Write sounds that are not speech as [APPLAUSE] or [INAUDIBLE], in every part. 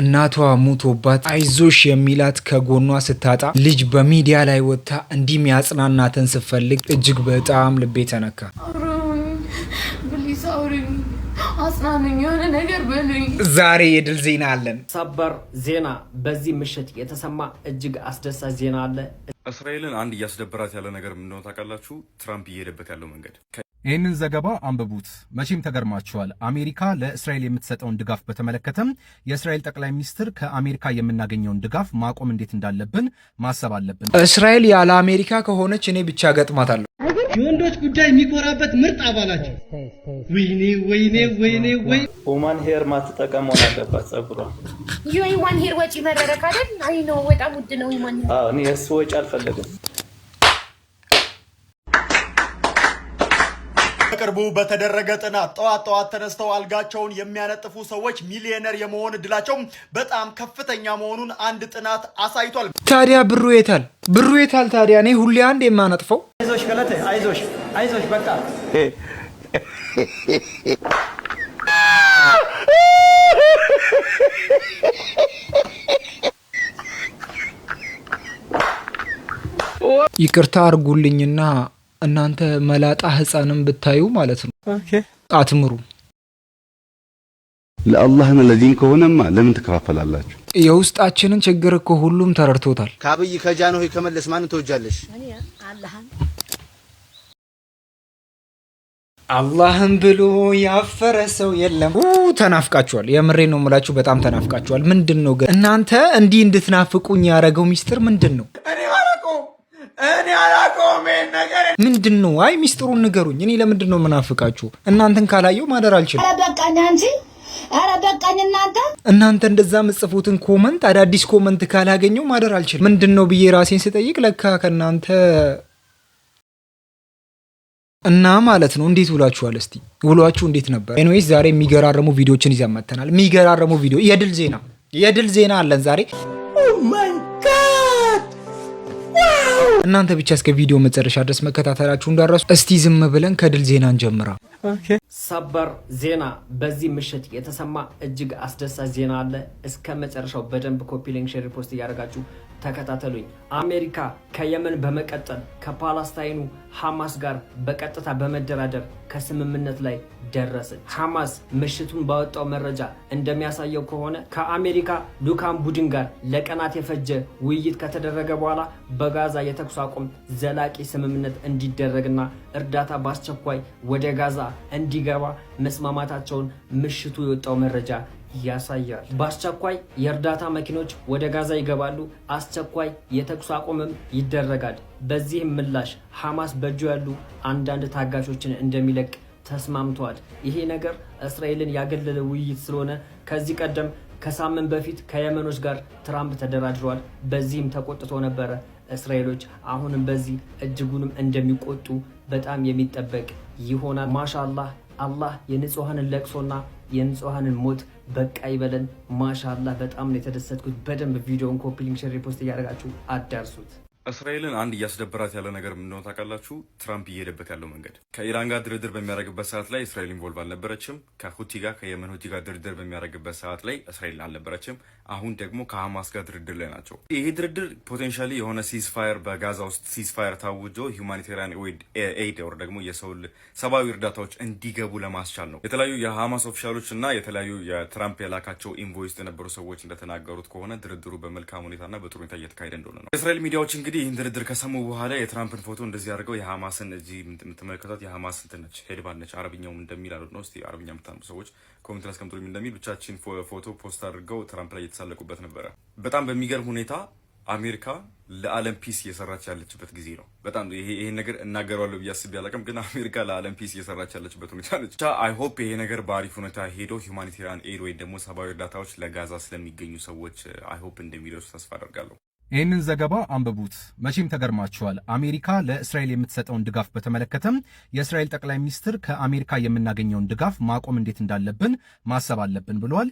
እናቷ ሙቶባት አይዞሽ የሚላት ከጎኗ ስታጣ ልጅ በሚዲያ ላይ ወጥታ እንዲህ ሚያጽናናትን ስፈልግ እጅግ በጣም ልቤ ተነካ። ዛሬ የድል ዜና አለን። ሰበር ዜና። በዚህ ምሽት የተሰማ እጅግ አስደሳች ዜና አለ። እስራኤልን አንድ እያስደበራት ያለ ነገር ምንድነው ታውቃላችሁ? ትራምፕ እየሄደበት ያለው መንገድ ይህንን ዘገባ አንብቡት። መቼም ተገርማችኋል። አሜሪካ ለእስራኤል የምትሰጠውን ድጋፍ በተመለከተም የእስራኤል ጠቅላይ ሚኒስትር ከአሜሪካ የምናገኘውን ድጋፍ ማቆም እንዴት እንዳለብን ማሰብ አለብን። እስራኤል ያለ አሜሪካ ከሆነች እኔ ብቻ ገጥማታለሁ። የወንዶች ጉዳይ የሚኮራበት ምርጥ አባላቸው። ወይኔ ወይኔ ወይኔ ወይ ኦማን ሄር ማትጠቀም ሆን አለባት ጸጉሯ። ዩዋን ሄር ወጪ መረረክ አይ ነው በጣም ውድ ነው። ማን እኔ እሱ ወጪ አልፈለግም በቅርቡ በተደረገ ጥናት ጠዋት ጠዋት ተነስተው አልጋቸውን የሚያነጥፉ ሰዎች ሚሊዮነር የመሆን እድላቸው በጣም ከፍተኛ መሆኑን አንድ ጥናት አሳይቷል። ታዲያ ብሩ የታል? ብሩ የታል? ታዲያ እኔ ሁሌ አንድ የማነጥፈው አይዞሽ፣ ገለት፣ አይዞሽ፣ አይዞሽ በቃ ይቅርታ አርጉልኝና እናንተ መላጣ ህፃንም ብታዩ ማለት ነው አትምሩ። ለአላህና ለዲን ከሆነማ ለምን ትከፋፈላላችሁ? የውስጣችንን ችግር እኮ ሁሉም ተረድቶታል። ከአብይ ከጃንሆይ ከመለስ ማንን ትወጃለሽ? አላህን ብሎ ያፈረ ሰው የለም። ተናፍቃችኋል። የምሬ ነው የምላችሁ፣ በጣም ተናፍቃችኋል። ምንድን ነው እናንተ እንዲህ እንድትናፍቁኝ ያደረገው ሚስጥር ምንድን ነው? እኔ አላውቀውም ነገር ምንድን ነው? አይ ሚስጥሩን ንገሩኝ። እኔ ለምንድን ነው የምናፍቃችሁ? እናንተን ካላየው ማደር አልችልም። ኧረ በቃኝ አንቺ፣ ኧረ በቃኝ እናንተ። እናንተ እንደዛ ምጽፉትን ኮመንት፣ አዳዲስ ኮመንት ካላገኘው ማደር አልችልም። ምንድን ነው ብዬ ራሴን ስጠይቅ ለካ ከእናንተ እና ማለት ነው። እንዴት ውላችኋል? እስቲ ውሏችሁ እንዴት ነበር? ኤኒዌይስ ዛሬ የሚገራረሙ ቪዲዮችን ይዘን መጥተናል። የሚገራረሙ ቪዲዮ የድል ዜና የድል ዜና አለን ዛሬ እናንተ ብቻ እስከ ቪዲዮ መጨረሻ ድረስ መከታተላችሁ እንዳረሱ። እስቲ ዝም ብለን ከድል ዜና እንጀምራ። ሰበር ዜና። በዚህ ምሽት የተሰማ እጅግ አስደሳች ዜና አለ። እስከ መጨረሻው በደንብ ኮፒ ሊንክ ሼር ሪፖስት እያደረጋችሁ ተከታተሉኝ። አሜሪካ ከየመን በመቀጠል ከፓላስታይኑ ሐማስ ጋር በቀጥታ በመደራደር ከስምምነት ላይ ደረሰች። ሐማስ ምሽቱን ባወጣው መረጃ እንደሚያሳየው ከሆነ ከአሜሪካ ልዑካን ቡድን ጋር ለቀናት የፈጀ ውይይት ከተደረገ በኋላ በጋዛ የተኩስ አቁም ዘላቂ ስምምነት እንዲደረግና እርዳታ በአስቸኳይ ወደ ጋዛ እንዲገባ መስማማታቸውን ምሽቱ የወጣው መረጃ ያሳያል። በአስቸኳይ የእርዳታ መኪኖች ወደ ጋዛ ይገባሉ። አስቸኳይ የተኩስ አቁምም ይደረጋል። በዚህም ምላሽ ሐማስ በእጁ ያሉ አንዳንድ ታጋቾችን እንደሚለቅ ተስማምተዋል። ይሄ ነገር እስራኤልን ያገለለ ውይይት ስለሆነ ከዚህ ቀደም ከሳምንት በፊት ከየመኖች ጋር ትራምፕ ተደራድረዋል። በዚህም ተቆጥቶ ነበረ። እስራኤሎች አሁንም በዚህ እጅጉንም እንደሚቆጡ በጣም የሚጠበቅ ይሆናል። ማሻላ አላህ አላህ የንጹሐንን ለቅሶና የንጹሐንን ሞት በቃ ይበለን። ማሻላ በጣም ነው የተደሰትኩት። በደንብ ቪዲዮን ኮፒ ሊንክ፣ ሼር፣ ሪፖስት እያደረጋችሁ አዳርሱት። እስራኤልን አንድ እያስደበራት ያለ ነገር ምንሆን ታውቃላችሁ? ትራምፕ እየሄደበት ያለው መንገድ ከኢራን ጋር ድርድር በሚያደርግበት ሰዓት ላይ እስራኤል ኢንቮልቭ አልነበረችም። ከሁቲ ጋር ከየመን ሁቲ ጋር ድርድር በሚያደርግበት ሰዓት ላይ እስራኤል አልነበረችም። አሁን ደግሞ ከሀማስ ጋር ድርድር ላይ ናቸው። ይሄ ድርድር ፖቴንሻሊ የሆነ ሲዝፋየር በጋዛ ውስጥ ሲዝፋየር ታውጆ ሁማኒታሪያን ኤድ ወር ደግሞ የሰው ሰብአዊ እርዳታዎች እንዲገቡ ለማስቻል ነው። የተለያዩ የሀማስ ኦፊሻሎች እና የተለያዩ የትራምፕ የላካቸው ኢንቮይስ የነበሩ ሰዎች እንደተናገሩት ከሆነ ድርድሩ በመልካም ሁኔታና በጥሩ ሁኔታ እየተካሄደ እንደሆነ ነው። የእስራኤል ሚዲያዎች እንግዲህ ይህን ድርድር ከሰሙ በኋላ የትራምፕን ፎቶ እንደዚህ አድርገው የሀማስን እዚህ የምትመለከቷት የሀማስ ትነች ነች ሄድባን ነች አረብኛውም እንደሚል አሉት ነው። እስኪ አረብኛ የምታምሩ ሰዎች ኮሜንት ላይ አስቀምጡልኝ እንደሚል ብቻችን ፎቶ ፖስት አድርገው ትራምፕ ላይ እየተሳለቁበት ነበረ። በጣም በሚገርም ሁኔታ አሜሪካ ለዓለም ፒስ እየሰራች ያለችበት ጊዜ ነው። በጣም ይሄን ነገር እናገረዋለሁ ብዬ አስቤ አላውቅም፣ ግን አሜሪካ ለዓለም ፒስ እየሰራች ያለችበት ሁኔታ ነች። ብቻ ሆፕ ይሄ ነገር በአሪፍ ሁኔታ ሄዶ ሂውማኒቴሪያን ኤድ ወይም ደግሞ ሰብአዊ እርዳታዎች ለጋዛ ስለሚገኙ ሰዎች ሆፕ እንደሚደርሱ ተስፋ አደርጋለሁ። ይህንን ዘገባ አንብቡት። መቼም ተገርማችኋል። አሜሪካ ለእስራኤል የምትሰጠውን ድጋፍ በተመለከተም የእስራኤል ጠቅላይ ሚኒስትር ከአሜሪካ የምናገኘውን ድጋፍ ማቆም እንዴት እንዳለብን ማሰብ አለብን ብለዋል።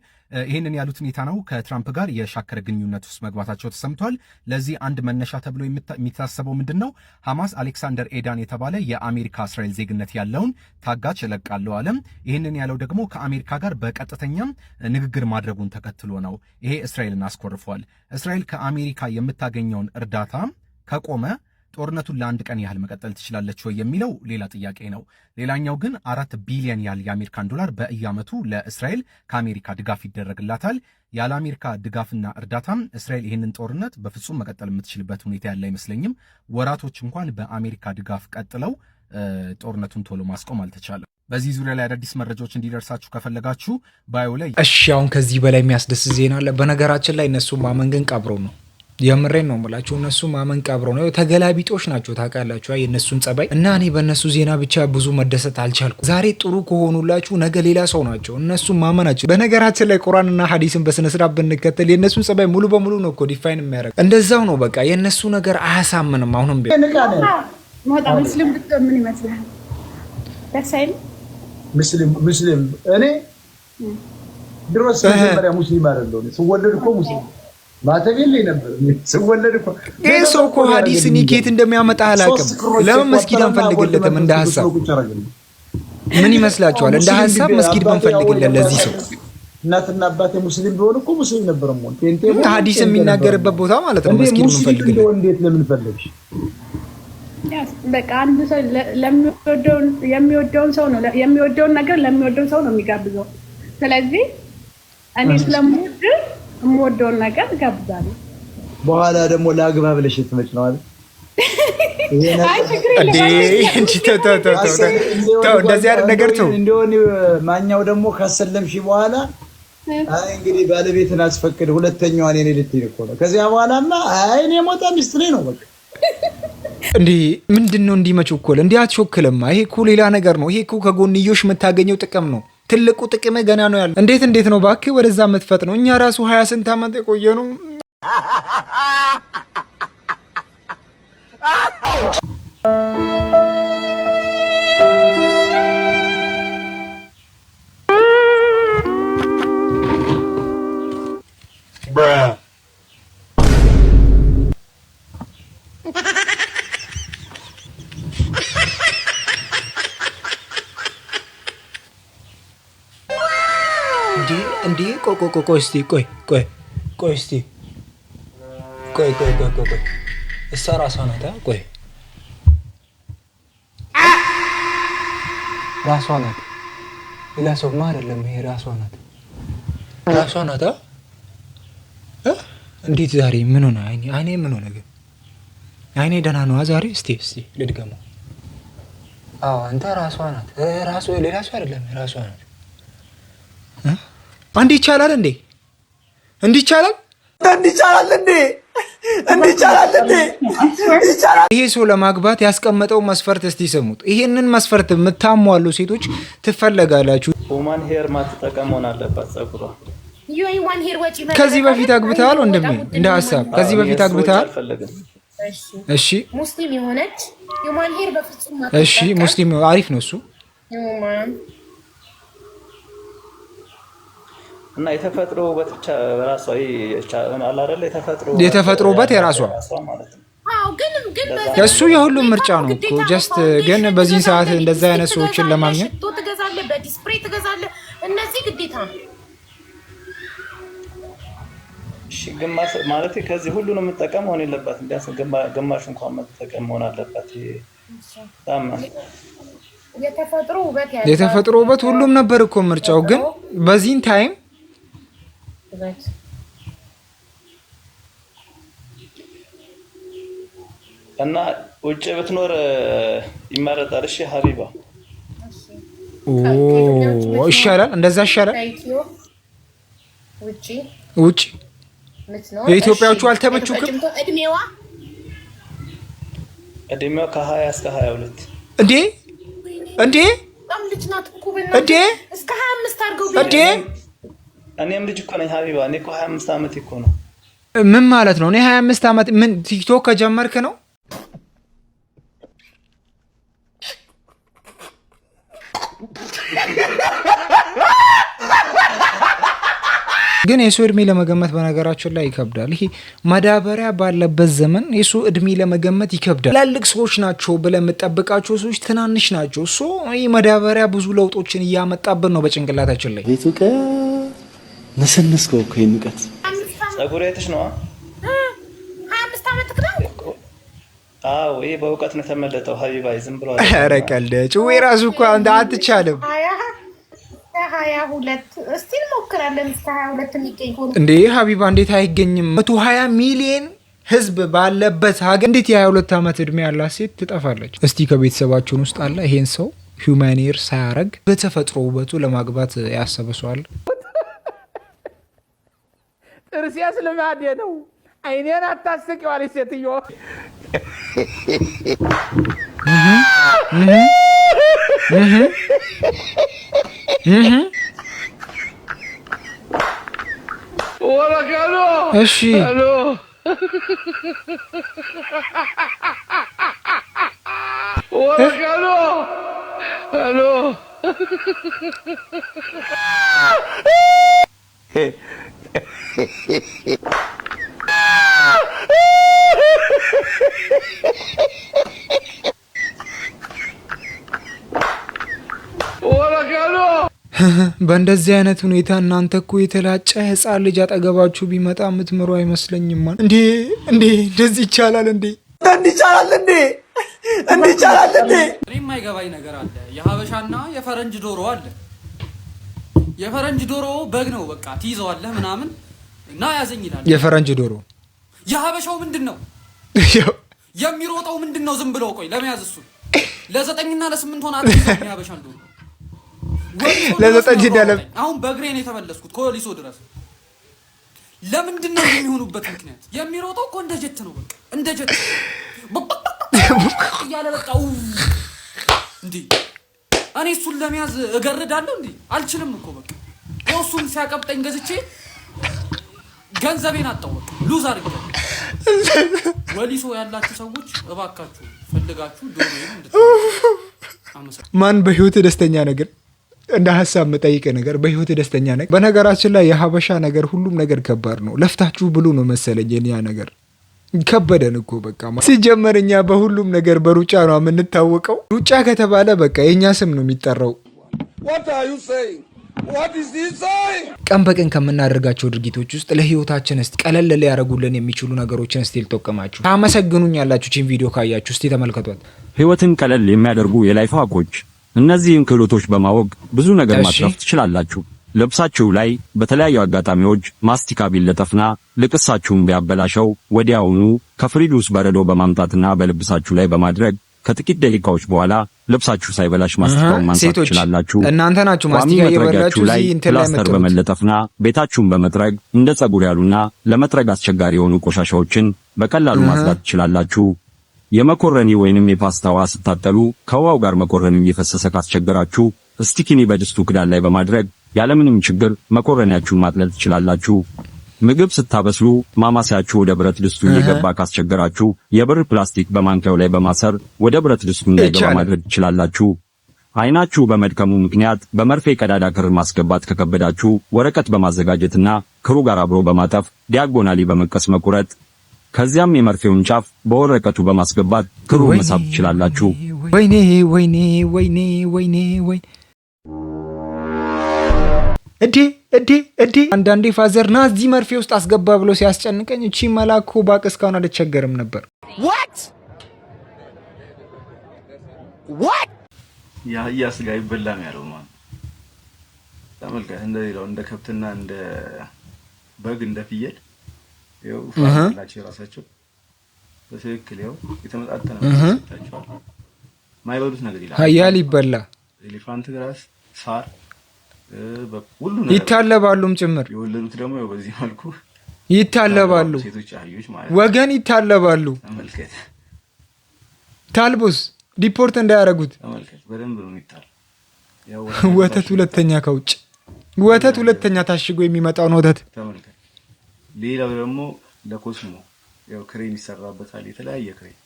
ይህንን ያሉት ነው ከትራምፕ ጋር የሻከረ ግንኙነት ውስጥ መግባታቸው ተሰምቷል። ለዚህ አንድ መነሻ ተብሎ የሚታሰበው ምንድን ነው? ሐማስ አሌክሳንደር ኤዳን የተባለ የአሜሪካ እስራኤል ዜግነት ያለውን ታጋች እለቃለሁ አለም። ይህንን ያለው ደግሞ ከአሜሪካ ጋር በቀጥተኛም ንግግር ማድረጉን ተከትሎ ነው። ይሄ እስራኤልን አስኮርፏል። እስራኤል ከአሜሪካ የምታገኘውን እርዳታ ከቆመ ጦርነቱን ለአንድ ቀን ያህል መቀጠል ትችላለች ወይ የሚለው ሌላ ጥያቄ ነው። ሌላኛው ግን አራት ቢሊዮን ያህል የአሜሪካን ዶላር በየዓመቱ ለእስራኤል ከአሜሪካ ድጋፍ ይደረግላታል። ያለ አሜሪካ ድጋፍና እርዳታም እስራኤል ይህንን ጦርነት በፍጹም መቀጠል የምትችልበት ሁኔታ ያለ አይመስለኝም። ወራቶች እንኳን በአሜሪካ ድጋፍ ቀጥለው ጦርነቱን ቶሎ ማስቆም አልተቻለም። በዚህ ዙሪያ ላይ አዳዲስ መረጃዎች እንዲደርሳችሁ ከፈለጋችሁ ባዮ ላይ እሺ። አሁን ከዚህ በላይ የሚያስደስት ዜና አለ። በነገራችን ላይ እነሱ ማመን ግን ቀብሮ ነው የምሬን ነው ምላቸው። እነሱ ማመን ቀብረው ነው ተገላቢጦች ናቸው። ታውቃላችሁ የእነሱን ጸባይ እና እኔ በእነሱ ዜና ብቻ ብዙ መደሰት አልቻልኩ። ዛሬ ጥሩ ከሆኑላችሁ ነገ ሌላ ሰው ናቸው። እነሱ ማመናቸው በነገራችን ላይ ቁርአንና ሀዲስን በስነስራ ብንከተል የእነሱን ጸባይ ሙሉ በሙሉ ነው እኮ ዲፋይን የሚያደርግ እንደዛው ነው። በቃ የእነሱ ነገር አያሳምንም። አሁንም ቢሆን ምስልም እኔ ድሮ ስመጀመሪያ ሙስሊም አይደለሁ ስወለድ እኮ ሙስሊም ማተብ ነበር ስወለድ እኮ ይህ ሰው እኮ ሀዲስ ኒኬት እንደሚያመጣ አላውቅም። ለምን መስጊድ አንፈልግለትም? እንደ ሀሳብ ምን ይመስላችኋል? እንደ ሀሳብ መስጊድ ብንፈልግለት ለዚህ ሰው እናትና አባቴ ሙስሊም ቢሆን እኮ ሙስሊም ነበር። ሀዲስ የሚናገርበት ቦታ ማለት ነው። መስጊድ ብንፈልግለት እንዴት ለምን ፈለግሽ? በቃ አንዱ ሰው የሚወደውን ሰው ነው የሚወደውን ነገር ለሚወደው ሰው ነው የሚጋብዘው። ስለዚህ እኔ ስለምወድ የምወደውን ነገር ጋብዛለሁ። በኋላ ደግሞ ለአግባ ብለሽ የትመጭ ነው እንደዚህ አይነት ነገር ተው። እንዲሆን ማኛው ደግሞ ካሰለምሽ በኋላ አይ እንግዲህ ባለቤትን አስፈቅድ ሁለተኛዋ የኔ ልትይ እኮ ነው። ከዚያ በኋላማ አይ እኔ ሞታ ሚስትሬ ነው በቃ እንዲህ ምንድን ነው እንዲህ መቸኮል? እንዲህ አትቾክልማ። ይሄ እኮ ሌላ ነገር ነው። ይሄ እኮ ከጎንዮሽ የምታገኘው ጥቅም ነው። ትልቁ ጥቅም ገና ነው ያለው። እንዴት እንዴት ነው ባክ ወደዛ የምትፈጥ ነው። እኛ ራሱ ሀያ ስንት ዓመት የቆየ ነው። Bruh. ቆይ ቆይ እስኪ ቆይ ቆይ ቆይ እስኪ ቆይ ቆይ ቆይ ቆይ ቆይ እሷ ራሷ ናት። ቆይ ራሷ ናት። ሌላ ሰውማ አይደለም። ይሄ ራሷ ናት። ራሷ ናት። እንዴት ዛሬ ምን ሆነ? አይኔ አይኔ ምን ሆነ? ግን አይኔ ደህና ነዋ ዛሬ። እስቲ እስቲ ልድገመው። አዎ አንተ ራሷ ናት። ራሷ ሌላ ሰው አይደለም። ራሷ ናት። አንድ ይቻላል እንዴ? እንዲህ ይቻላል ይቻላል ይቻላል ይቻላል። እንዴ? እንዴ? ይሄ ሰው ለማግባት ያስቀመጠው መስፈርት እስቲ ስሙት። ይሄንን መስፈርት የምታሟሉ ሴቶች ትፈለጋላችሁ። ሁማን ሄር ማትጠቀም መሆን አለባት ጸጉሯ። ከዚህ በፊት አግብተሃል ወንድሜ? እንደ ሀሳብ ከዚህ በፊት አግብተሃል? እሺ፣ ሙስሊም የሆነች ሁማን ሄር በፍጹም። እሺ፣ ሙስሊም አሪፍ ነው እሱ እና የተፈጥሮ ውበት ብቻ በራሷ አላደለ የተፈጥሮ ውበት የራሷ እሱ የሁሉም ምርጫ ነው እኮ ጀስት ግን በዚህ ሰዓት እንደዛ አይነት ሰዎችን ለማግኘት ሽቶ ትገዛለህ፣ በዲስፕሬይ ትገዛለህ። እነዚህ ግዴታ ነው። ማለት ከዚህ ሁሉንም የምጠቀም መሆን የለባት እንዲያስ ግማሽ እንኳን መጠቀም መሆን አለባት። የተፈጥሮ ውበት ሁሉም ነበር እኮ ምርጫው ግን በዚህን ታይም ትበት እና ውጭ ብትኖር ይመረጣል። እሺ ሀቢባ ይሻላል፣ እንደዛ ይሻላል። ውጭ የኢትዮጵያዎቹ አልተመቹክም። እድሜዋ ከሀያ እስከ ሀያ ሁለት እንዴ እንዴ እንዴ እስከ ሀያ አምስት አድርገው እንዴ እኔም ልጅ እኮ ነኝ ሀቢባ። እኔ እኮ 25 ዓመት እኮ ነው። ምን ማለት ነው? እኔ 25 ዓመት ምን ቲክቶክ ከጀመርክ ነው? ግን የሱ እድሜ ለመገመት በነገራችን ላይ ይከብዳል። ይሄ ማዳበሪያ ባለበት ዘመን የሱ እድሜ ለመገመት ይከብዳል። ትላልቅ ሰዎች ናቸው ብለህ የምጠብቃቸው ሰዎች ትናንሽ ናቸው። እሱ ይህ ማዳበሪያ ብዙ ለውጦችን እያመጣብን ነው በጭንቅላታችን ላይ ነሰነስከው እኮ ይሄን ንቀት ጸጉር አይተሽ ነው። አዎ ይሄ በእውቀት ነው የተመለጠው። ሀቢባይ ዝም ብሎ ኧረ ቀልድ ጭዌ ራሱ እኮ አንተ አትቻልም እንዴ ሀቢባ፣ እንዴት አይገኝም? መቶ ሀያ ሚሊየን ህዝብ ባለበት ሀገር እንዴት የ22 ዓመት እድሜ ያላት ሴት ትጠፋለች? እስቲ ከቤተሰባችን ውስጥ አለ ይሄን ሰው ሂውማን ሳያረግ በተፈጥሮ ውበቱ ለማግባት ያሰበሰዋል ጥርሴስ ልማዴ ነው። አይኔን አታስቅ ዋለች ሴትዮ። እሺ ሄሎ በእንደዚህ አይነት ሁኔታ እናንተ እኮ የተላጨ ህፃን ልጅ አጠገባችሁ ቢመጣ የምትምሩ አይመስለኝም። እንዴ እንዴ እንደዚህ ይቻላል እንዴ? እንዲህ ይቻላል እንዴ? እንዲህ ይቻላል እንዴ? እኔ የማይገባኝ ነገር አለ። የሀበሻና የፈረንጅ ዶሮ አለ። የፈረንጅ ዶሮ በግ ነው፣ በቃ ትይዘዋለህ ምናምን እና ያዘኝ ይላል። የፈረንጅ ዶሮ የሀበሻው ምንድን ነው የሚሮጠው? ምንድን ነው ዝም ብለው ቆይ ለመያዝ እሱ ለዘጠኝና ለስምንት አ የሀበሻን ዶሮ ለዘጠኝ ሄዳለ። አሁን በእግሬ ነው የተመለስኩት ኮሊሶ ድረስ። ለምንድን ነው የሚሆኑበት ምክንያት? የሚሮጠው እኮ እንደ ጀት ነው፣ በቃ እንደ ጀት እያለ በቃ እንዲ። እኔ እሱን ለመያዝ እገርዳለሁ እንዲ አልችልም እኮ በቃ እሱን ሲያቀብጠኝ ገዝቼ ገንዘቤን አጣሁ፣ በቃ ሉዝ አድርጌ። ወሊሶ ያላችሁ ሰዎች እባካችሁ ፈልጋችሁ ዶሮ ማን በህይወት ደስተኛ ነገር እንደ ሀሳብ መጠይቀ ነገር በህይወት ደስተኛ ነገር። በነገራችን ላይ የሀበሻ ነገር ሁሉም ነገር ከባድ ነው። ለፍታችሁ ብሉ ነው መሰለኝ የኒያ ነገር ከበደን እኮ በቃ ሲጀመር እኛ በሁሉም ነገር በሩጫ ነው የምንታወቀው። ሩጫ ከተባለ በቃ የእኛ ስም ነው የሚጠራው። ቀን በቀን ከምናደርጋቸው ድርጊቶች ውስጥ ለህይወታችን ስ ቀለል ሊያደርጉልን የሚችሉ ነገሮችን እስቲ ልጠቀማችሁ። ታመሰግኑኝ ያላችሁ ቺን ቪዲዮ ካያችሁ እስቲ ተመልከቷት። ህይወትን ቀለል የሚያደርጉ የላይፍ ሀኮች እነዚህን ክህሎቶች በማወቅ ብዙ ነገር ማትረፍ ትችላላችሁ። ልብሳችሁ ላይ በተለያዩ አጋጣሚዎች ማስቲካ ቢለጠፍና ልቅሳችሁን ቢያበላሸው ወዲያውኑ ከፍሪዱስ በረዶ በማምጣትና በልብሳችሁ ላይ በማድረግ ከጥቂት ደቂቃዎች በኋላ ልብሳችሁ ሳይበላሽ ማስቲካውን ማንሳት ትችላላችሁ። እናንተ ናችሁ ማስቲካ እየበላችሁ ላይ ፕላስተር በመለጠፍና ቤታችሁን በመጥረግ እንደ ጸጉር ያሉና ለመጥረግ አስቸጋሪ የሆኑ ቆሻሻዎችን በቀላሉ ማጽዳት ትችላላችሁ። የመኮረኒ ወይንም የፓስታ ውሃ ስታጠሉ ከውሃው ጋር መኮረኒ እየፈሰሰ ካስቸገራችሁ ስቲኪኒ በድስቱ ክዳን ላይ በማድረግ ያለምንም ችግር መኮረኒያችሁን ማጥለል ትችላላችሁ። ምግብ ስታበስሉ ማማሰያችሁ ወደ ብረት ድስቱ እየገባ ካስቸገራችሁ የብር ፕላስቲክ በማንኪያው ላይ በማሰር ወደ ብረት ድስቱ ላይ በማድረግ ትችላላችሁ። አይናችሁ በመድከሙ ምክንያት በመርፌ ቀዳዳ ክር ማስገባት ከከበዳችሁ ወረቀት በማዘጋጀትና ክሩ ጋር አብሮ በማጠፍ ዲያጎናሊ በመቀስ መቁረጥ ከዚያም የመርፌውን ጫፍ በወረቀቱ በማስገባት ክሩ መሳብ ትችላላችሁ። ወይኔ ወይኔ ወይኔ ወይኔ ወይኔ እዴ እዴ እዴ አንዳንዴ ፋዘር ና እዚህ መርፌ ውስጥ አስገባ ብሎ ሲያስጨንቀኝ እቺ መላኩ ባቅ እስካሁን አልቸገርም ነበር። የአህያ ስጋ ይበላም ያለው ማለት ተመልከት፣ እንደ እንደ ከብትና እንደ በግ እንደ ፍየል ይኸው የራሳቸው በትክክል የተመጣጠነ ማይበሉት ነገር ይላል ሀያል ይበላ ኤሌፋንት ግራስ፣ ሳር ሁሉ ይታለባሉም ጭምር የወለዱት ደግሞ በዚህ መልኩ ይታለባሉ። ሴቶች አህዮች ማለት ወገን ይታለባሉ። ተመልከት። ታልቦስ ዲፖርት እንዳያደረጉት ወተት ሁለተኛ ከውጭ ወተት ሁለተኛ ታሽጎ የሚመጣውን ወተት ተመልከት። ሌላው ደግሞ ለኮስሞ ያው ክሬም ይሰራበታል። የተለያየ ክሬም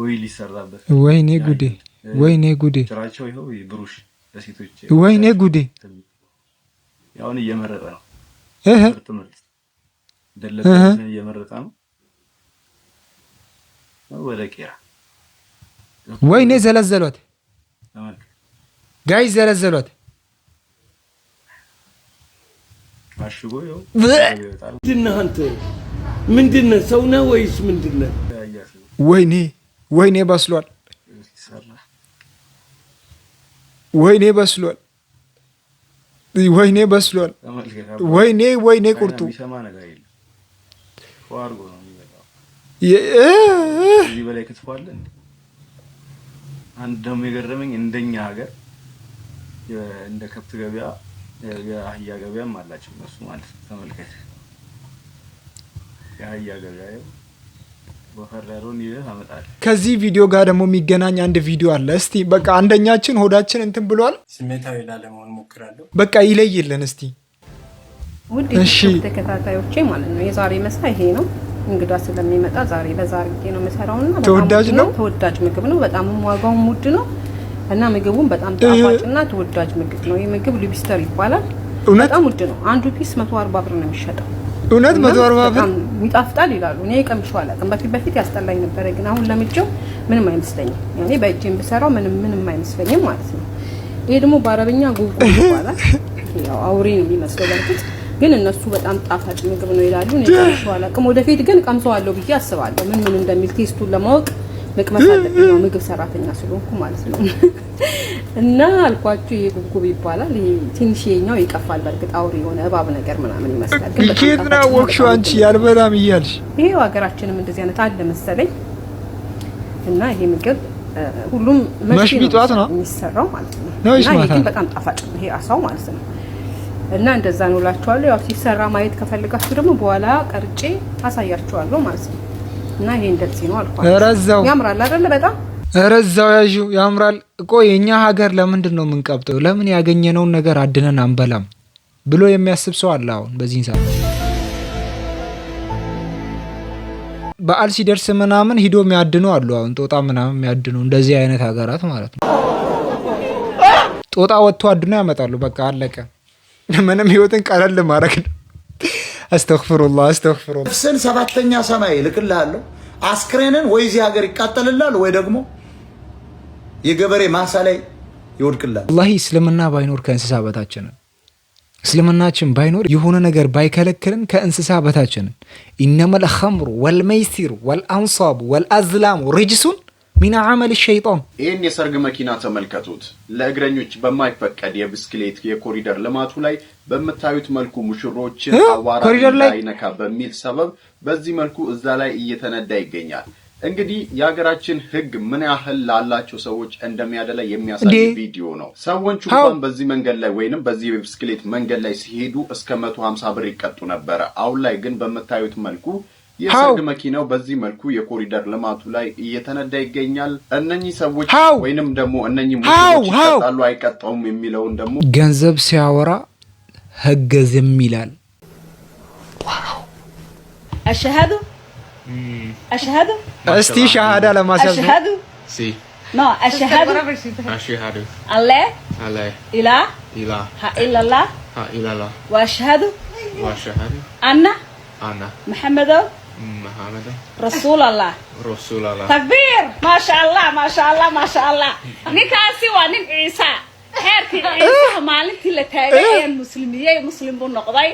ኦይል ይሰራበታል። ወይኔ ጉዴ! ወይኔ ጉዴ! ስራቸው ይኸው ብሩሽ ለሴቶች። ወይኔ ጉዴ! አሁን እየመረጠ ነው ምርጥ ምርጥ ደለበትን እየመረጠ ነው ወደ ቄራ። ወይኔ ዘለዘሏት፣ ጋይ ዘለዘሏት። ታሽጎ ይኸው ምንድነህ? አንተ ሰው ነህ ወይስ ምንድነህ? ወይኔ ወይኔ በስሏል። ወይኔ በስሏል። ወይኔ በስሏል። ወይኔ ወይኔ ቁርጡ በላይ ክትፎ አለ። አንድ ደግሞ የገረመኝ እንደኛ ሀገር እንደ ከብት ገበያ የአህያ ገበያም አላቸው እነሱ ማለት ነው። ተመልከት፣ የአህያ ገበያ ከዚህ ቪዲዮ ጋር ደግሞ የሚገናኝ አንድ ቪዲዮ አለ። እስቲ በቃ አንደኛችን ሆዳችን እንትን ብሏል። ስሜታዊ ላለመሆን ሞክራለሁ። በቃ ይለይልን እስቲ። ውድ ተከታታዮቼ ማለት ነው የዛሬ ምሳ ይሄ ነው። እንግዳ ስለሚመጣ ዛሬ በዛ አድርጌ ነው የምሰራውና ተወዳጅ ነው። ተወዳጅ ምግብ ነው። በጣም ዋጋውም ውድ ነው። እና ምግቡም በጣም ጣፋጭና ተወዳጅ ምግብ ነው። ይህ ምግብ ሊቢስተር ይባላል። በጣም ውድ ነው። አንዱ ፒስ 140 ብር ነው የሚሸጠው። እውነት 140 ብር ይጣፍጣል ይላሉ። እኔ ቀምሼው አላውቅም። በፊት በፊት ያስጠላኝ ነበረ፣ ግን አሁን ለምጄው ምንም አይመስለኝም። እኔ በእጄም ብሰራው ምንም ምንም አይመስለኝም ማለት ነው። ይሄ ደግሞ በአረበኛ ጉጉ ይባላል። [LAUGHS] ያው አውሬ ነው የሚመስለው በእርግጥ ግን እነሱ በጣም ጣፋጭ ምግብ ነው ይላሉ። እኔ ቀምሼው አላውቅም። ወደፊት ግን ቀምሰዋለሁ ብዬ አስባለሁ ምን ምን እንደሚል ቴስቱን ለማወቅ መቅመስ አለብኝ ምግብ ሰራተኛ ስለሆንኩ ማለት ነው። [LAUGHS] እና አልኳችሁ ይሄ ጉብጉብ ይባላል። ይሄ ትንሽ የኛው ይቀፋል። በእርግጥ አውሪ የሆነ እባብ ነገር ምናምን ይመስላል። ግን ኬት ና አንቺ ያልበላም እያልሽ ይሄው ሀገራችንም እንደዚህ አይነት አለ መሰለኝ። እና ይሄ ምግብ ሁሉም መሽቢ ጠዋት ነው የሚሰራው ማለት ነው። እና ይሄ ግን በጣም ጣፋጭ ይሄ አሳው ማለት ነው። እና እንደዛ ነው እላችኋለሁ። ያው ሲሰራ ማየት ከፈልጋችሁ ደግሞ በኋላ ቀርጬ አሳያችኋለሁ ማለት ነው። እና ይሄ እንደዚህ ነው አልኳት። እረዛው ያምራል አይደለ? በጣም እረዛው ያዥው ያምራል። ቆይ የኛ ሀገር ለምንድን ነው የምንቀብጠው? ለምን ያገኘነውን ነገር አድነን አንበላም ብሎ የሚያስብ ሰው አለ። አሁን በዚህን ሰዓት በዓል ሲደርስ ምናምን ሂዶ የሚያድኑ አሉ። አሁን ጦጣ ምናምን የሚያድኑ እንደዚህ አይነት ሀገራት ማለት ነው። ጦጣ ወጥቶ አድኖ ያመጣሉ። በቃ አለቀ። ምንም ህይወትን ቀለል ማድረግ ነው። አስተግፍሩላ አስተግፍሩላ። ነፍስን ሰባተኛ ሰማይ ልክልሃለሁ። አስክሬንን ወይ እዚህ ሀገር ይቃጠልላል ወይ ደግሞ የገበሬ ማሳ ላይ ይወድቅላል። ወላሂ እስልምና ባይኖር ከእንስሳ በታችንን እስልምናችን ባይኖር የሆነ ነገር ባይከለክልን ከእንስሳ በታችንን። ኢነመል ኸምሩ ወልመይሲሩ ወልአንሳቡ ወልአዝላሙ ርጅሱን ሚና አመል ሸይጣን። ይህን የሰርግ መኪና ተመልከቱት። ለእግረኞች በማይፈቀድ የብስክሌት የኮሪደር ልማቱ ላይ በምታዩት መልኩ ሙሽሮችን አዋራ እንዳይነካ በሚል ሰበብ በዚህ መልኩ እዛ ላይ እየተነዳ ይገኛል። እንግዲህ የሀገራችን ሕግ ምን ያህል ላላቸው ሰዎች እንደሚያደላ የሚያሳይ ቪዲዮ ነው። ሰዎች እንኳን በዚህ መንገድ ላይ ወይንም በዚህ የብስክሌት መንገድ ላይ ሲሄዱ እስከ መቶ ሀምሳ ብር ይቀጡ ነበረ። አሁን ላይ ግን በምታዩት መልኩ የሰርግ መኪናው በዚህ መልኩ የኮሪደር ልማቱ ላይ እየተነዳ ይገኛል። እነኚህ ሰዎች ወይንም ደግሞ እነኚህ ሙሽሮች ይቀጣሉ አይቀጣውም የሚለውን ደግሞ ገንዘብ ሲያወራ أشهد أشهد አሸሃዱ አሸሃዱ እስቲ ሻሃዳ أشهد አሸሃዱ ሲ أشهد أشهد አሸሃዱ አለ አለ ኢላ ኢላ ሀ ኢላላ ሀ ኢላላ ወአሸሃዱ ወአሸሃዱ አና አና መሐመዱ محمد رسول الله رسول الله تكبير ما شاء الله ما شاء الله ما شاء الله نكاسي ونك maalintii la taagay ayaan muslimiyey muslim buu noqday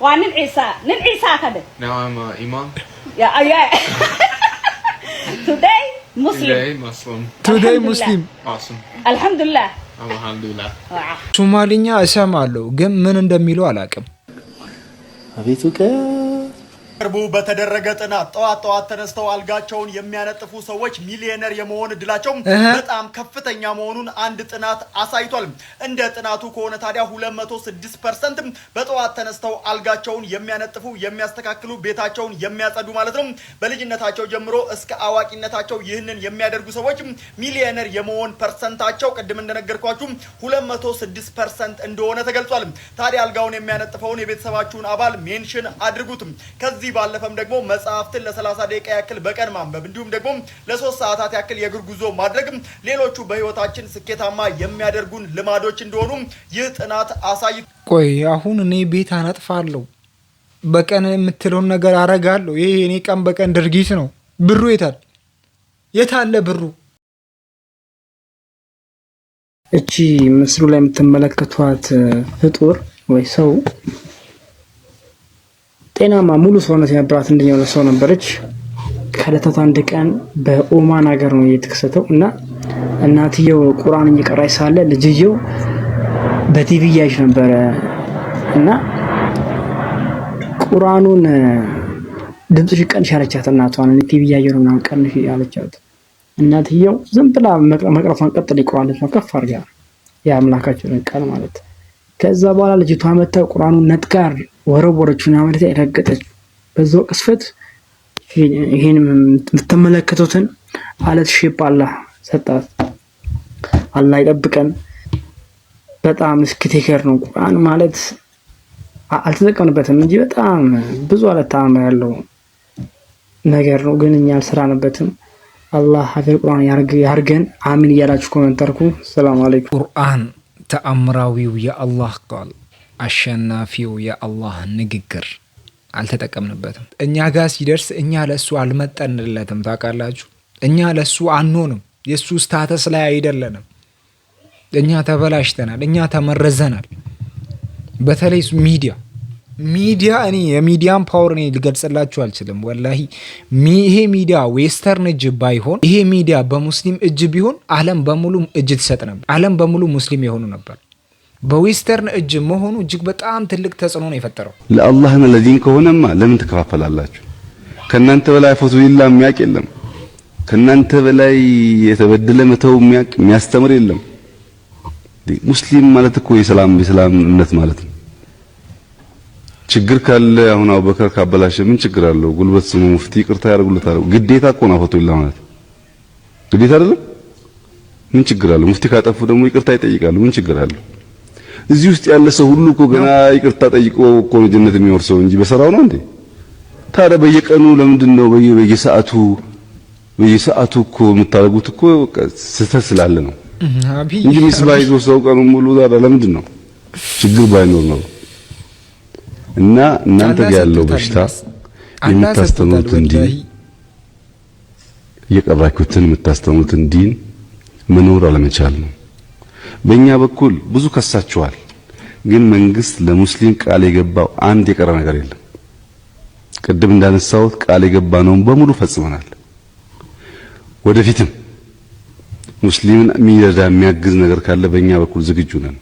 waa nin ciisaa nin ciisaa ka dhe today muslim today muslim alxamdulilah ሶማሊኛ እሰማለሁ ግን ምን እንደሚለው አላውቅም አቤቱ ቅርቡ በተደረገ ጥናት ጠዋት ጠዋት ተነስተው አልጋቸውን የሚያነጥፉ ሰዎች ሚሊዮነር የመሆን እድላቸው በጣም ከፍተኛ መሆኑን አንድ ጥናት አሳይቷል። እንደ ጥናቱ ከሆነ ታዲያ 206 ፐርሰንት በጠዋት ተነስተው አልጋቸውን የሚያነጥፉ፣ የሚያስተካክሉ፣ ቤታቸውን የሚያጸዱ ማለት ነው በልጅነታቸው ጀምሮ እስከ አዋቂነታቸው ይህንን የሚያደርጉ ሰዎች ሚሊዮነር የመሆን ፐርሰንታቸው ቅድም እንደነገርኳችሁ 206 ፐርሰንት እንደሆነ ተገልጿል። ታዲያ አልጋውን የሚያነጥፈውን የቤተሰባችሁን አባል ሜንሽን አድርጉት ከዚህ ከዚህ ባለፈም ደግሞ መጽሐፍትን ለሰላሳ ደቂቃ ያክል በቀን ማንበብ እንዲሁም ደግሞ ለሶስት ሰዓታት ያክል የእግር ጉዞ ማድረግ ሌሎቹ በህይወታችን ስኬታማ የሚያደርጉን ልማዶች እንደሆኑ ይህ ጥናት አሳይ። ቆይ አሁን እኔ ቤት አነጥፋለሁ፣ በቀን የምትለውን ነገር አረጋለሁ። ይሄ እኔ ቀን በቀን ድርጊት ነው። ብሩ የታል? የታለ ብሩ? እቺ ምስሉ ላይ የምትመለከቷት ፍጡር ወይ ሰው ጤናማ ሙሉ ሰውነት የነበራት አንደኛው ሰው ነበረች። ከዕለታት አንድ ቀን በኦማን ሀገር ነው የተከሰተው እና እናትየው ቁርአን እየቀራች ሳለ ልጅየው በቲቪ እያየች ነበረ እና ቁርአኑን ድምፅሽ ቀንሽ ያለቻት እናቷን። እኔ ቲቪ እያየሁ ነው ምናምን ቀንሽ ያለቻት እናትየው ዝም ብላ መቅረቷን ቀጥል ይቁራለች ነው ከፍ አድርጋ የአምላካችንን ቃል ማለት ከዛ በኋላ ልጅቷ መታ ቁርአኑን ነጥቃር ወረወረችና መሬት ላይ ረገጠች። በዛው ቅስፈት ይሄን የምትመለከቱትን አለት ሼፕ አላህ ሰጣት። አላህ ይጠብቀን። በጣም እስኪ ነው ቁርአን ማለት አልተጠቀምንበትም እንጂ በጣም ብዙ አለታም ያለው ነገር ነው። ግን እኛ አልሰራንበትም። አላህ ሀፊዝ ቁርአን ያርገን። አሚን እያላችሁ ኮመንት አድርጉ። ሰላም አለይኩም ቁርአን ተአምራዊው የአላህ ቃል አሸናፊው የአላህ ንግግር አልተጠቀምንበትም። እኛ ጋር ሲደርስ እኛ ለእሱ አልመጠንለትም። ታውቃላችሁ፣ እኛ ለእሱ አንሆንም። የእሱ ስታተስ ላይ አይደለንም። እኛ ተበላሽተናል። እኛ ተመረዘናል። በተለይ ሚዲያ ሚዲያ እኔ የሚዲያን ፓወር እኔ ልገልጽላችሁ አልችልም። ወላሂ ይሄ ሚዲያ ዌስተርን እጅ ባይሆን ይሄ ሚዲያ በሙስሊም እጅ ቢሆን ዓለም በሙሉ እጅ ትሰጥ ነበር። ዓለም በሙሉ ሙስሊም የሆኑ ነበር። በዌስተርን እጅ መሆኑ እጅግ በጣም ትልቅ ተጽዕኖ ነው የፈጠረው። ለአላህና ለዲን ከሆነማ ለምን ትከፋፈላላችሁ? ከእናንተ በላይ ሊላ የሚያውቅ የለም። ከእናንተ በላይ የተበደለ መተው የሚያቅ የሚያስተምር የለም። ሙስሊም ማለት እኮ የሰላም የሰላም እምነት ማለት ነው። ችግር ካለ አሁን አቡበከር ካበላሸ ምን ችግር አለው? ጉልበት ስሙ ሙፍቲ ይቅርታ ያደርጉለታል። ግዴታ እኮ ነው ፈቶ ለማለት ግዴታ አይደለም። ምን ችግር አለው? ሙፍቲ ካጠፉ ደግሞ ይቅርታ ይጠይቃሉ። ምን ችግር አለው? እዚህ ውስጥ ያለ ሰው ሁሉ እኮ ገና ይቅርታ ጠይቆ እኮ ነው ጀነት የሚወርሰው እንጂ በሰራው ነው እንዴ? ታዲያ በየቀኑ ለምንድን ነው በየሰዓቱ በየሰዓቱ እኮ የምታደርጉት እኮ ስህተት ስላለ ነው እንጂ ሚስባ ሰው ቀኑን ሙሉ ታዲያ ለምንድን ነው ችግር ባይኖር ነው እና እናንተ ጋር ያለው በሽታ የምታስተምሩትን ዲን እየቀራችሁትን የምታስተምሩትን ዲን መኖር አለመቻል ነው። በእኛ በኩል ብዙ ከሳችኋል፣ ግን መንግስት ለሙስሊም ቃል የገባው አንድ የቀረ ነገር የለም። ቅድም እንዳነሳሁት ቃል የገባ ነው በሙሉ ፈጽመናል። ወደፊትም ሙስሊምን የሚረዳ የሚያግዝ ነገር ካለ በእኛ በኩል ዝግጁ ነን።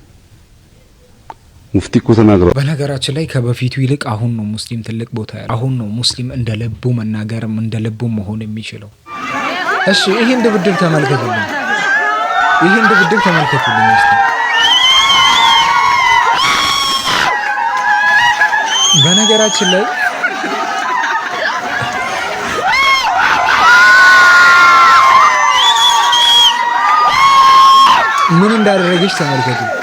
ሙፍቲኩ ተናግረዋል። በነገራችን ላይ ከበፊቱ ይልቅ አሁን ነው ሙስሊም ትልቅ ቦታ ያለ። አሁን ነው ሙስሊም እንደ ልቡ መናገርም እንደ ልቡ መሆን የሚችለው። እሺ ይህን ድብድብ ተመልከቱልኝ፣ ይህን ድብድብ ተመልከቱልኝ ስ በነገራችን ላይ ምን እንዳደረገች ተመልከቱ።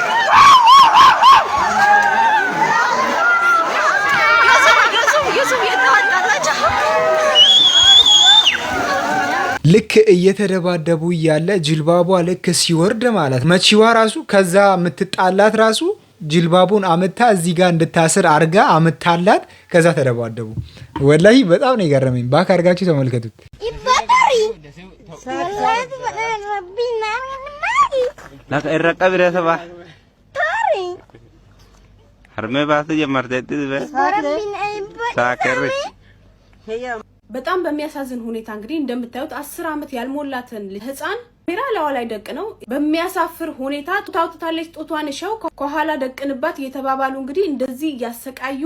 ልክ እየተደባደቡ እያለ ጅልባቧ ልክ ሲወርድ ማለት መቺዋ ራሱ ከዛ የምትጣላት ራሱ ጅልባቡን አምታ እዚህ ጋር እንድታስር አርጋ አምታላት። ከዛ ተደባደቡ። ወላሂ በጣም ነው የገረመኝ። ባክ አርጋችሁ ተመልከቱት። በጣም በሚያሳዝን ሁኔታ እንግዲህ እንደምታዩት አስር ዓመት ያልሞላትን ህፃን ሜራ ላዋ ላይ ደቅ ነው በሚያሳፍር ሁኔታ ጡት አውጥታለች። ጡቷን እሸው ከኋላ ደቅንባት እየተባባሉ እንግዲህ እንደዚህ እያሰቃዩ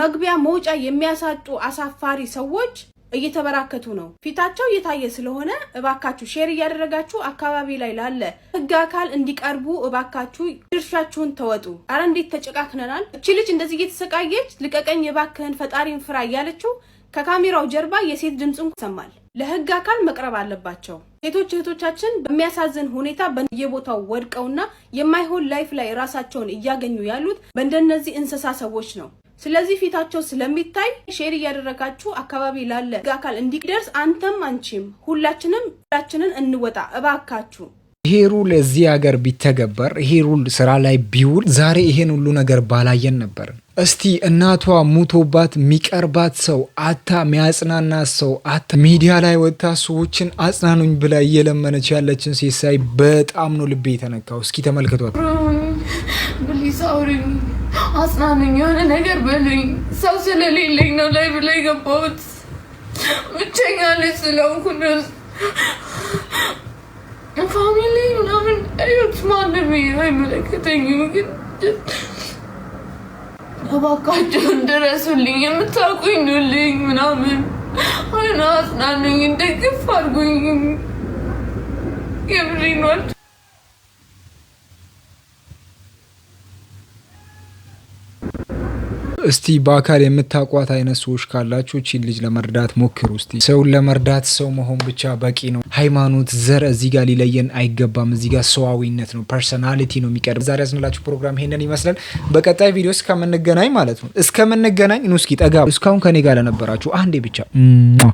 መግቢያ መውጫ የሚያሳጡ አሳፋሪ ሰዎች እየተበራከቱ ነው። ፊታቸው እየታየ ስለሆነ እባካችሁ ሼር እያደረጋችሁ አካባቢ ላይ ላለ ህግ አካል እንዲቀርቡ እባካችሁ ድርሻችሁን ተወጡ። አረ እንዴት ተጨቃክነናል! እቺ ልጅ እንደዚህ እየተሰቃየች ልቀቀኝ የባክህን ፈጣሪን ፍራ እያለችው ከካሜራው ጀርባ የሴት ድምፅን ይሰማል። ለህግ አካል መቅረብ አለባቸው። ሴቶች እህቶቻችን በሚያሳዝን ሁኔታ በየቦታው ወድቀውና የማይሆን ላይፍ ላይ ራሳቸውን እያገኙ ያሉት በእንደነዚህ እንስሳ ሰዎች ነው። ስለዚህ ፊታቸው ስለሚታይ ሼር እያደረጋችሁ አካባቢ ላለ ህግ አካል እንዲደርስ አንተም አንቺም ሁላችንም ሁላችንን እንወጣ እባካችሁ። ይሄ ሩል እዚህ ሀገር ቢተገበር ይሄ ሩል ስራ ላይ ቢውል ዛሬ ይሄን ሁሉ ነገር ባላየን ነበር። እስቲ እናቷ ሙቶባት የሚቀርባት ሰው አታ የሚያጽናና ሰው አታ ሚዲያ ላይ ወጥታ ሰዎችን አጽናኑኝ ብላ እየለመነች ያለችን ሴት ሳይ በጣም ነው ልቤ የተነካው። እስኪ ተመልከቷት። ፕሊዝ አውሪኝ፣ አጽናኑኝ፣ የሆነ ነገር በሉኝ። ሰው ስለሌለኝ ነው ላይ ብላ የገባሁት ብቸኛ ላይ ስለሆንኩ ፋሚሊ ምናምን ሪዮት ማንም አይመለከተኝም ግን እባካችሁን ድረሱልኝ፣ የምታውቁኝ ኑልኝ ምናምን አይና አጽናኑኝ፣ ደግፍ አድርጉኝ የምሪኗል እስቲ በአካል የምታውቋት አይነት ሰዎች ካላችሁ ቺን ልጅ ለመርዳት ሞክሩ። እስቲ ሰውን ለመርዳት ሰው መሆን ብቻ በቂ ነው። ሃይማኖት፣ ዘር እዚህ ጋር ሊለየን አይገባም። እዚህ ጋር ሰዋዊነት ነው፣ ፐርሰናሊቲ ነው የሚቀርብ ዛሬ ያዝንላችሁ ፕሮግራም ይሄንን ይመስላል። በቀጣይ ቪዲዮ እስከምንገናኝ ማለት ነው እስከምንገናኝ ኑ እስኪ ጠጋ እስካሁን ከኔ ጋር ለነበራችሁ አንዴ ብቻ